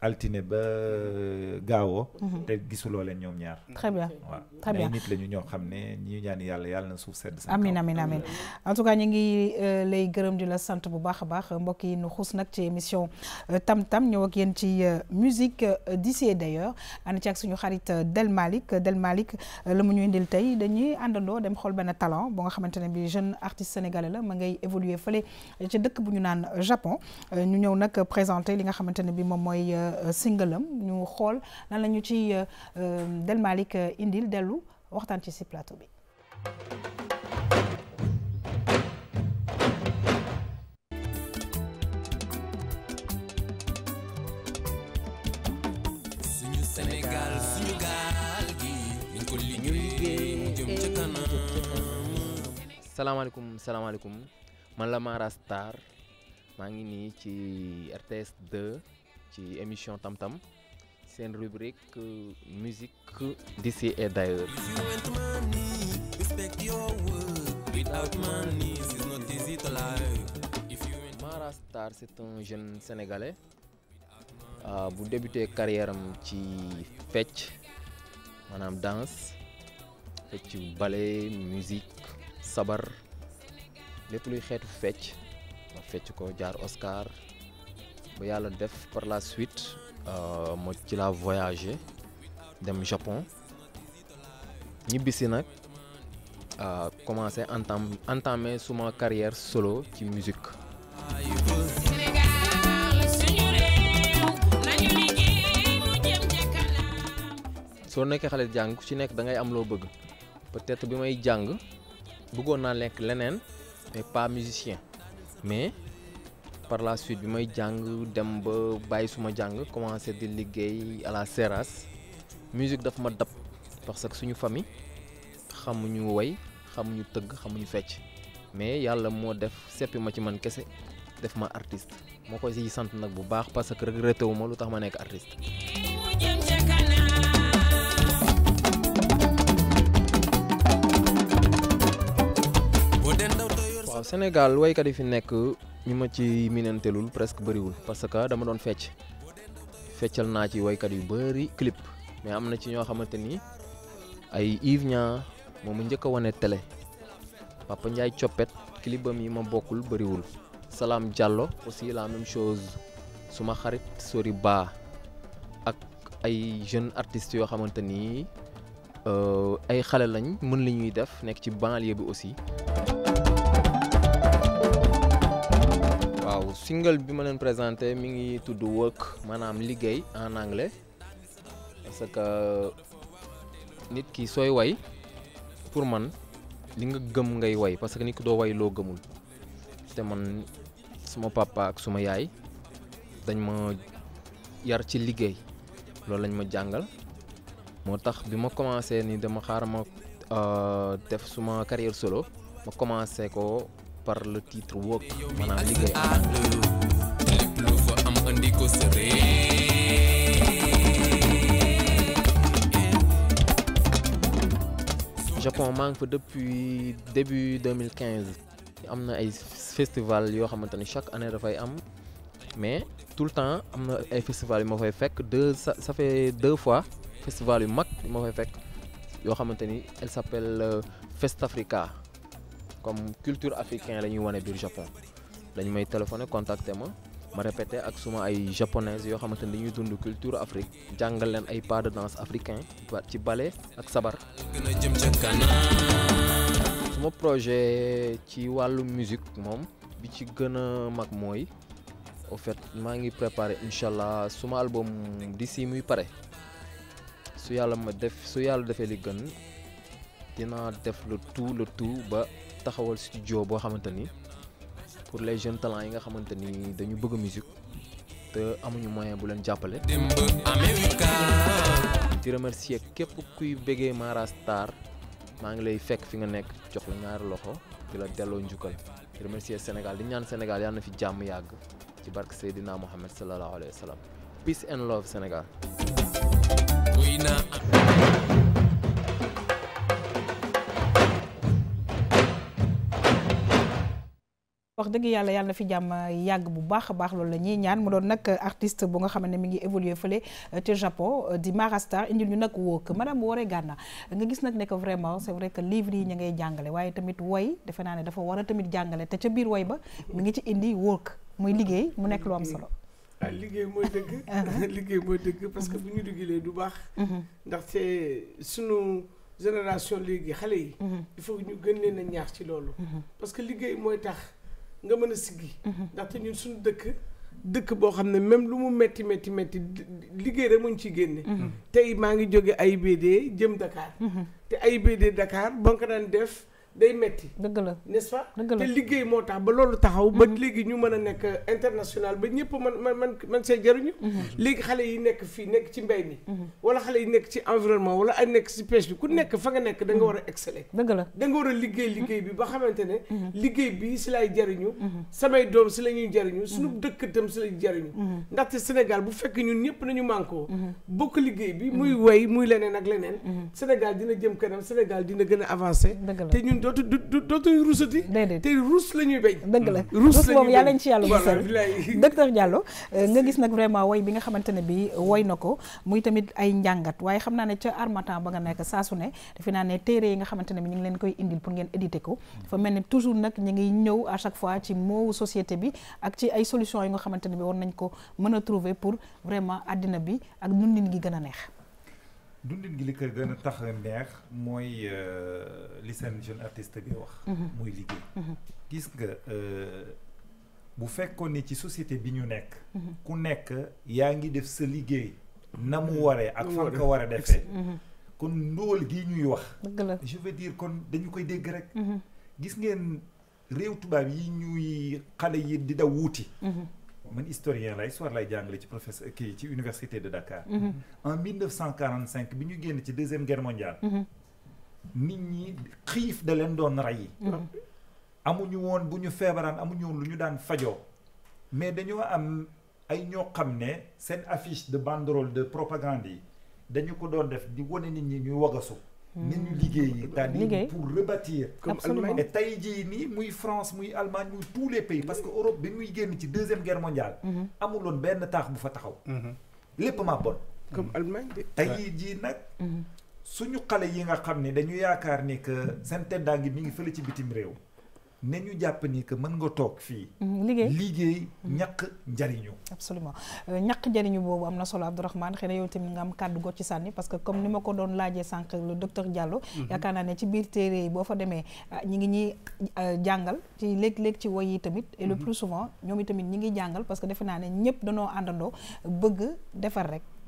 altiné ba euh, gaawoo. Mhm. te gisuloo leen ñoom ñaar. très bien très bien nit la ñu ñoo xam ne ñi ñaan yàlla yàlla na suuf sedd. amin amin amin en tout cas ñu ngi euh, lay gërëm di la sant bu baax a baax mbokk yi nu xuus nag ci émission euh, tam tam ñëw ak yéen ci musique d'ici et d'ailleurs ànd ci ak suñu xarit Del malik Del malik la mu ñu indil tey dañuy àndandoo dem xool benn talent ba nga xamante ne bi jeune artiste sénégalais la ma ngay évoluer fële ci dëkk bu ñu naan Japon ñu ñëw nag présenter li nga xamante ne bi moom mooy. Euh, single am ñu xool nan ñu ci euh, euh, Del indil dellu waxtaan ci si plateau bi. salaamaaleykum salaamaaleykum man la Mara Star maa ngi nii ci RTS 2 ci émission Tam Tam une rubrique euh, musique d'ici et d'ailleurs. Mara Star c'est un jeune sénégalais euh, bu débuté carrière ci fetch manam danse fetch ballet musique sabar lépp luy xeetu fetch fait ko jaar Oscar ba yàlla def par la suite euh, ma ci la voyagé dem Japon nak euh commencé entamer entamer suma carrière solo ci musique soo nekkee xale jang ku ci nekk da ngay am lo bëgg peut-être bi may jàng bëggoon naa nekk mais pas musicien mais par la suite bi may suis dem ba suma commencé di liguey à la Seras musique daf ma dab parce que suñu famille xamuñu way xamuñu teug xamuñu fecc mais yalla mo def seppi ma ci man def ma artiste moko ci sante nak bu parce que regretté wu ma ma artiste. ñi ma ci minantelul presque wul parce que dama don fetch, fetchal na ci kat yu bari clip mais amna ci ño xamanteni ay Yves momu ñëk njëkk télé Papa Ndiaye clip bam yi ma bari wul Salam Diallo aussi la même chose suma xarit Sori Ba ak ay jeune artiste yo xamanteni euh ay xalé lañ mën li ñuy def nek ci banlieue bi aussi. single bimana len leen mi ngi tudd work manam liggéey en anglais parce que nit ki soy way pour man li nga gëm ngay way parce que nit ki way lo gëmul té man suma papa ak suma yaay dañ ma yar ci liggéey lolou lañ ma jangal, motax bima commencé ni dama xaar ma euh, def suma carrière solo ma commencé ko par le titre Wok maanaam liggéey lépp lu fa am andi Japon manque depuis début 2015 Amna ay festival yo xamante chaque année fay am mais tout le temps Amna ay festival yu ma fay fekk deux ça fait deux fois festival yu mak yu ma fay fekk elle s'appelle euh, Fest Africa comme culture africain lañuy wone bir Japon dañ may téléphoné contacté ma ma répété ak suma ay japonais yo xamante ni dañuy dund culture Afrique jàngal leen ay pas de danse africain ci ballet ak sabar. suma projet ci walu musique mom bi ci gëna a mag mooy au fait ma ngi préparer inshallah suma album d'ici muy paré su yalla ma def su yalla defee li gën dina def le tout le tout ba. taxawal studio bo xamanteni ni pour les jeunes talents yi nga xamanteni dañu bëgg musique te amuñu moyen bu len jappalé di remercier képp kuy bëggee Mara Star ma ngi lay fekk fi nga nek jox la ñaar loxo di la delloo njukkal di remercier Sénégal di ñaan Sénégal yalla fi jamm yag ci barke Seydina Mohamed sallallahu alayhi Wasallam. peace and love Sénégal. wax dëgg yàlla yàlla na fi jàmm yàgg bu baax a baax loolu la ñuy ñaan mu doon nag artiste bu nga xam ne mi ngi évolué fële te euh, Japon euh, di Marastar indil ñu nag wook madame Woré Gana nga gis nag ne que vraiment c'est vrai que livre yi ñu ngay jàngale waaye tamit woy defe naa ne dafa war a tamit jàngale te ca biir woy ba mi ngi ci indi wook muy liggéey mu nekk lu am solo ah liggéey mooy dëgg uh-huh. liggéey mooy dëgg parce que bu ñu liggéeyee du baax uh-huh. ndaxte sunu génération léegi xale yi uh-huh. il faut ñu gën leen a ñaax ci loolu parce que nga mën a siggi mhm. ndaxte ñun suñu dëkk dëkk boo xam ne même lu mu metti metti metti liggéey rek muñ ci génne mhm. tey maa ngi jóge AIBD jëm Dakar mhm. te AIBD Dakar ba ko daan def day metti dëgg la n'est-ce pas te liggéey moo tax ba loolu taxaw ba mhm. léegi ñu mën a nekk international ba ñëpp man man man man see jëriñu mhm. Mhm. léegi xale yi nekk fii nekk ci mbay mi wala xale yi nekk ci environnement wala ay nekk ci pêche bi ku nekk fa nga nekk da nga war a exceller dëgg la da war a liggéey liggéey bi ba xamante ne liggéey bi si lay jëriñu samay doom si la ñuy suñu dëkk si la ñuy ndaxte Sénégal bu fekk ñun ñëpp nañu mànkoo bokk liggéey bi muy way muy leneen ak leneen Sénégal dina jëm kanam Sénégal dina gën a dootu dootu ruusati. déedéet te ruus la ñuy dëgg la ruus moom yàlla nañ ci yàlla musal docteur Diallo euh, nga gis nag vraiment woy bi nga xamante ne bi woy na ko muy tamit ay njàngat waaye xam naa ne ca armatan ba nga nekk saa su ne defe naa ne téere yi nga xamante ne bi ñu ngi leen koy indil pour ngeen édité ko fa mel ne toujours nag ñu ngi ñëw à chaque fois ci moowu société bi ak ci ay solution yi nga xamante ne bi war nañ ko mën a trouver pour vraiment àddina bi ak dundin gi gën a neex dundin gi li ko gën a tax neex mooy euh, li seen mm-hmm. jeune artiste bi wax. Mm-hmm. muy liggéey. Mm-hmm. gis nga euh, bu fekkoon ni ci société bi ñu nekk. ku nekk yaa ngi def sa liggéey. na mu waree ak fan ko war a defee. kon ndóol gi ñuy wax. je veux dire kon dañu koy dégg rek. gis ngeen réew tubaab yi ñuy xale yi di da wuuti. man historien la histoire lay jàngale ci professeur kii ci université de Dakar. Mm-hmm. en 1945 bi ñu génn ci deuxième guerre mondiale. Mm-hmm. nit ñi xiif da leen doon rey. Mm-hmm. amuñu woon bu ñu feebaraan amuñu woon lu ñu daan fajoo. mais dañoo am ay ñoo xam ne seen affiche de banderole de propagande yi dañu ko doon def di wane nit ñi ñuy wagasu. Mmh. nañu liggéeyi liggéey pour rebâtir comme et tey jii nii muy France muy Allemagne muy tous les pays parce que Europe bi muy génn ci deuxième guerre mondiale mmh. amuloon benn taax bu fa taxaw mmh. lépp maa bon comme Allemagne de tey jii nag suñu xale yi nga xam ne dañu yaakaar ni que seen teddaa ngi mi ngi fële ci bitim réew ne ñu jàpp ni mën nga toog fii. Mm, liggéey liggéey mm. ñàkk njariñu. absolument euh, ñàkk njariñu boobu am na solo Abdourahmane xëy na yow tamit nga am kàddu go ci sànni parce que comme ni ma ko doon laajee sànq le docteur Diallo. Mhm. yaakaar naa ne ci biir téere yi boo fa demee ah, ñi ngi ñuy euh, jàngal ci léeg-léeg ci woy yi tamit. et le mhm. plus souvent ñoom itamit ñi ngi jàngal parce que defe naa ne ñëpp danoo àndandoo bëgg defar rek.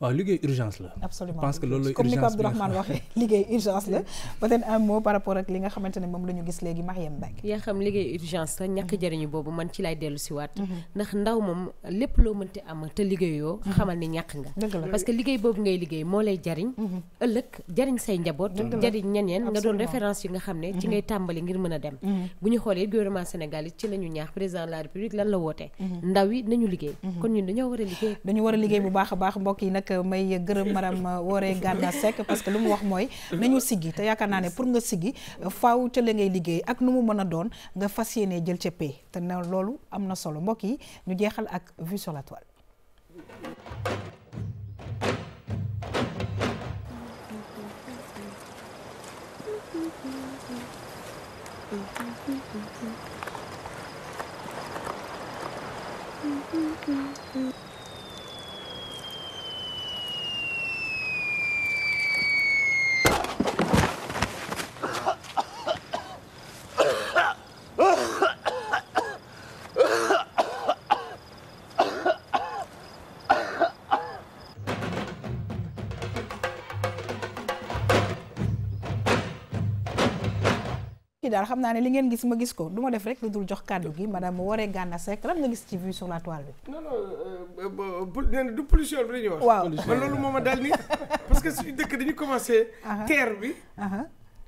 waaw liggéey urgence la. absolument pense que loolu par rapport ak li nga xamante ne moom la gis léegi Mariam Mbacké. yaa xam liggéey urgence la ñàkk mhm. jëriñu boobu man ci lay dellu si mhm. ndax ndaw moom lépp loo mënti am te liggéeyoo. Mhm. xamal ni ñàkk nga. parce que liggéey boobu ngay liggéey moo lay jariñ. ëllëg jariñ say njaboot. jariñ ñeneen nga doon référence yi nga xam ne. ci ngay tàmbali ngir mën a dem. bu ñu xoolee gouvernement Sénégal ci la ñaax président a a liggéey rek may gërëm maram Woré euh, Ganda Seck parce que lu mu wax moy nañu sigi te yakana né pour nga sigi faaw ci la ngay liggéey ak numu mëna doon nga fasiyéné jël ci pé te na lolu amna solo mbokk yi ñu jéxal ak vue sur la toile Mm-hmm. daal xam naa ne li ngeen gis ma gis ko du ma def rek lu dul jox kàddu gi madame Woré Gana Seck lan nga gis ci vue sur la toile bi. non non euh, euh, du pollution bi la ñuy wax. waaw man loolu moom a daal ni parce que suñu dëkk dañu commencé. Ah ah. terre bi. Ah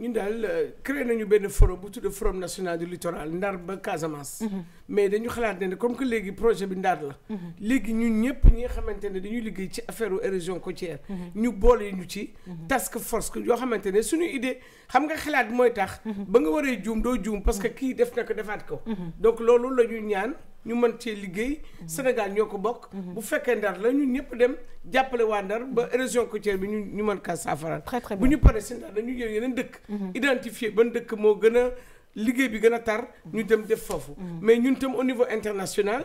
ñun daal euh, créé nañu benn forum bu tudd forum national du littoral ndar ba Casamance. Mhm. mais dañu xalaat ne comme que léegi projet bi ndar la. Mhm. léegi ñun ñëpp ñi nga xamante ne dañuy liggéey ci affaire érosion côtière. Mhm. ñu boole ñu ci. task force yoo xamante ne suñu idée xam nga xalaat mooy tax. ba nga waree juum doo juum parce que kii def na ko defaat ko. donc loolu la ñu ñaan ñu mën cee liggéey Sénégal ñoo ko bokk bu fekkee ndar la ñun ñëpp dem jàppale waa ndar ba érosion côtière bi ñu ñu mën kaa saafara bu ñu paree si ndar dañu jël yeneen dëkk mhm. identifier ban dëkk moo gën a liggéey bi gën a tar ñu dem def foofu mhm. mais ñun tam au niveau international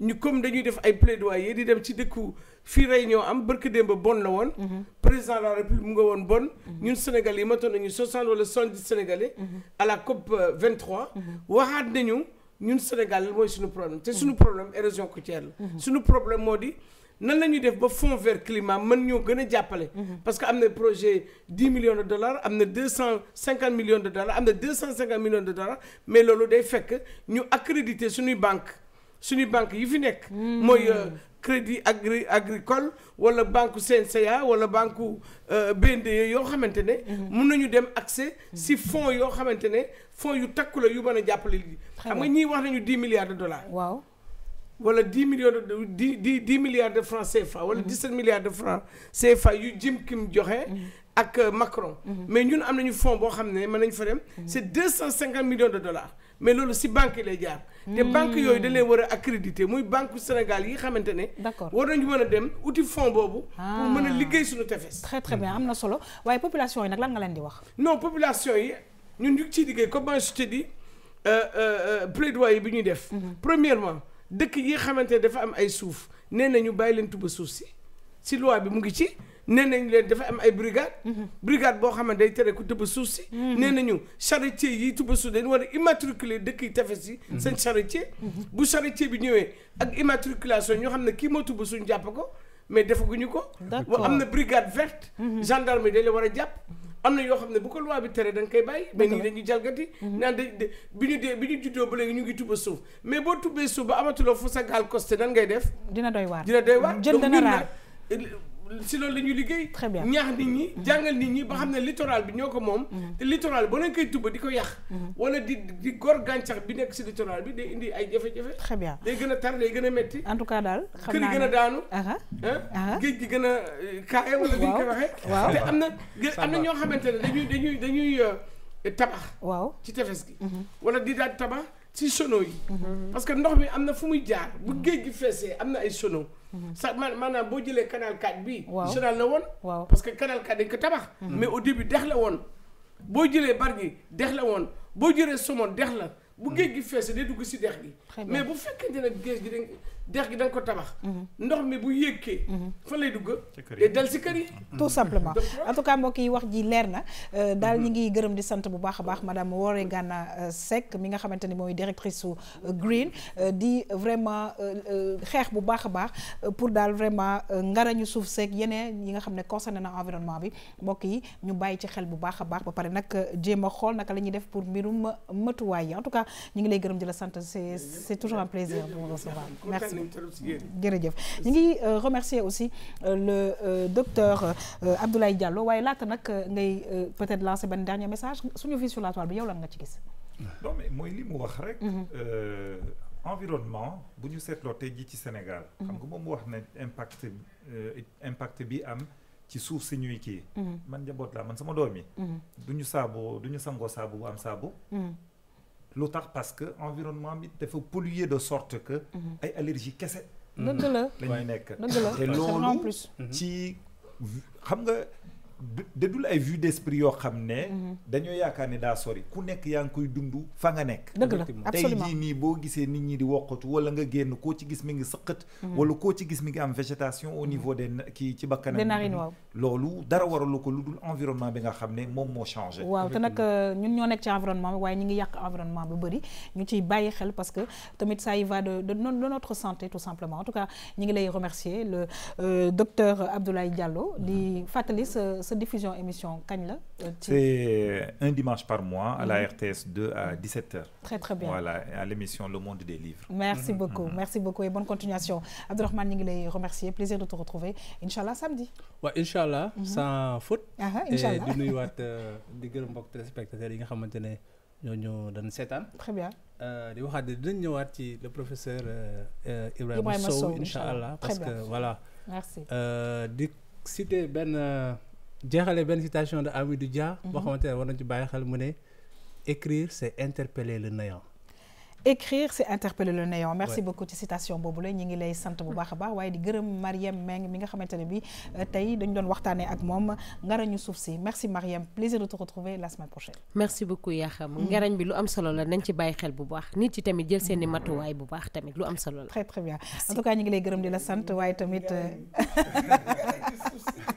ñu comme dañuy def ay plaidoyer di dem ci dëkku fii réunion am barke démb bon la woon mhm. président de la république mu nga woon bon ñun sénégalais yi matoon nañu soixante wala 70 sénégalais à la COP 23 waxaat nañu ñun Sénégal mooy suñu problème C'est suñu mm. problème érosion côtière la. Mm-hmm. suñu problème moo di nan la ñuy def ba fond vert climat mën ñoo gën a mm-hmm. parce que am na projet 10 millions de dollars am na 250 millions de dollars am na 250 millions de dollars mais loolu day fekk ñu accrédité suñuy banque suñuy banque yi fi nekk. Mm. mooy euh, crédit Agricole, agricole wala banque CNCA wala banque euh, BND, yo xamantene ne. Mhm. nañu dem accès si fonds yo xamantene fonds yu takku la yu mën a jàppale xam nga ñi wax nañu 10 milliards de dollars. waaw wala 10 millions de milliards de francs CFA. wala 17 mhm. milliards de francs CFA yu Jim Kim joxé mhm. ak euh, Macron. mais ñun am nañu fonds bo xamné ne fa dem. millions de dollars mais loolu si banque yi lay jaar. te hmm. banque yooyu dañ leen war a accrédité muy banque Sénégal yi nga xamante ne. d'accord war nañu mën a dem outil fonds boobu. pour mën a ah. liggéey suñu tefes. très très bien am na solo waaye population yi nag lan nga leen di wax. non population yi ñun ñu ngi ciy liggéey comme je te dis euh, euh, euh, plaidoyer bi ñuy def. Mhm. premièrement dëkk yi nga xamante ne dafa am ay suuf nee nañu ñu bàyyi leen tuba suuf si si loi bi mu ngi ci. nee nañ leen dafa am ay brigade mhm. brigade boo xam ne day tere ku tëb suuf si mhm. nee nañu charretier yi tëb suuf dañu war a immatriculer dëkk yi tefes yi mhm. seen charretier bu charretier bi ñëwee ak immatriculation ñoo xam ne kii moo tëb suñ jàpp ko mais defaguñu ko wa am na brigade verte gendarme dañ la war a jàpp am na yoo xam ne bu ko loi bi tere da nga koy bàyyi mais nii dañuy jalgati naan da bi ñu dee bi ñu juddoo ba léegi ñu ngi tubba suuf mais boo tubbee suuf ba amatuloo fu sa gaal costé nan ngay def dina doy waar dina doy waar jënd na raar si loolu la ñuy liggéey. très bien ñaax nit ñi jàngal nit ñi ba xam ne littoral bi ñoo ko moom. Mm-hmm. te littoral ba nañ koy tuba di ko yàq. Mm-hmm. wala di di gor gàncax bi nekk si littoral bi day indi ay jafe-jafe. très bien day gën a tar day gën a metti. en tout cas daal xam naa kër yi gën a daanu. Hein? géej gi gën a kaaya euh, wala ni ñu koy waxee. waaw te am na am na ñoo xamante ne dañuy dañuy dañuy euh, tabax. waaw ci tefes gi. Mm-hmm. wala di daal tabax ci sono yi. Mhm. parce que ndox mi am na fu muy jaar. bu mhm. géej gi feesee am na ay sono. Mhm. sa man maanaam boo jëlee canal 4 bi waaw canal la woon. parce que canal 4 dañ ko tabax. mais au début dex la woon. boo jëlee bar gi dex la woon boo jëlee somon dex la bu géej gi feesee day dugg si dex gi mais bu fekkente ne géej gi da dex gi da nga ko tabax. Mhm. ndox mi bu yékkee. Mhm. fan lay dugg. day dal si kër tout simplement en tout cas mbokk yi wax ji leer na euh, mhm. ñi ngi gërëm di sant bu baax a baax madame Woré Gana euh, Seck mi nga xamante moy directrice euh, Green di vraiment xeex bu baax a baax pour dal vraiment ngarañu souf seeg yeneen yi nga xam concerné na environnement bi mbokk yi ñu bàyyi ci xel bu baax a baax ba paré nak jéem xol nak lañu def pour mbirum matuwaay yi en tout cas ñi ngi lay gërëm di la sant c'est c'est toujours un plaisir de vous recevoir merci jërëjëf Ñi ngi euh, remercier aussi euh, le euh, docteur Abdoulaye Diallo waaye laata nak ngay peut-être lancer ben dernier message suñu vie sur la toile bi yow lan nga ci gis. non mais moy li mu wax rek. Mhm. environnement bu ñu seetloo tey jii ci Sénégal. Mhm. xam nga moom wax na impact impact bi am. ci souf si ñuy kii. Mhm. man njaboot la man sama doomi duñu sabu duñu sango sabu ñu sangoo am saabu. L'autre parce que environnement bi dafa polluer de sorte que mhm. ay allergie kese dëgg la les ñuy nekk te loolu ci mhm. xam nga da ay vue d'esprit yo xamné dañu yakane da sori ku nek yang koy dund fa nga nek dëgg la ni bo nii nit ñi di wokkatu wala nga génn ko ci gis mi ngi sëqat. wala ko ci gis mi ngi am végétation au niveau des ki ci bakkanam. lolu dara waral ko luddul environnement bi nga xamné mom mo changer changé. waaw te nag ñun ñoo nek ci environnement waye ñi ngi yak environnement bu bari ñu ci bayyi xel parce que tamit ça y va de de notre santé tout simplement en tout cas ñi ngi lay remercier le docteur Abdoulaye Diallo di fatalis sa diffusion émission kañ la. Euh, c'est euh, un dimanche par mois à la mm-hmm. RTS 2 à 17h. très très bien voilà à l'émission Le Monde des Livres. merci mm-hmm. beaucoup mm-hmm. merci beaucoup et bonne continuation Abdourahmane ñu ngi remercier plaisir de te retrouver Inch'Allah, samedi. Oui, Inch'Allah, sans faute. Et nous avons eu di gërëm mbokk téléspectateurs yi nga xamante ne ñooñu dañu très bien. Euh, di avons eu ñëwaat ci le professeur Ibrahim Sow incha parce que voilà. merci di citer benn jeexale benn citation de Amadou Dia. boo mhm. xamante war nañ ci bàyyi xel mu ne écrire c'est interpeller le néant. écrire c'est interpeller le néant merci beaucoup ci citation boobu la ñu ngi lay sant bu baax a baax waaye di gërëm Mariem Meng mi nga xamante ne bi euh, tey dañu doon waxtaanee ak moom ngarañu suuf si merci Mariem plaisir de te retrouver la semaine prochaine merci beaucoup yaa xam mhm. ngarañ bi lu am solo la nañ ci bàyyi xel bu baax nit ci tamit jël seeni matuwaay bu baax tamit lu am solo la très très bien en tout cas ñu ngi lay gërëm di la sant waaye tamit euh,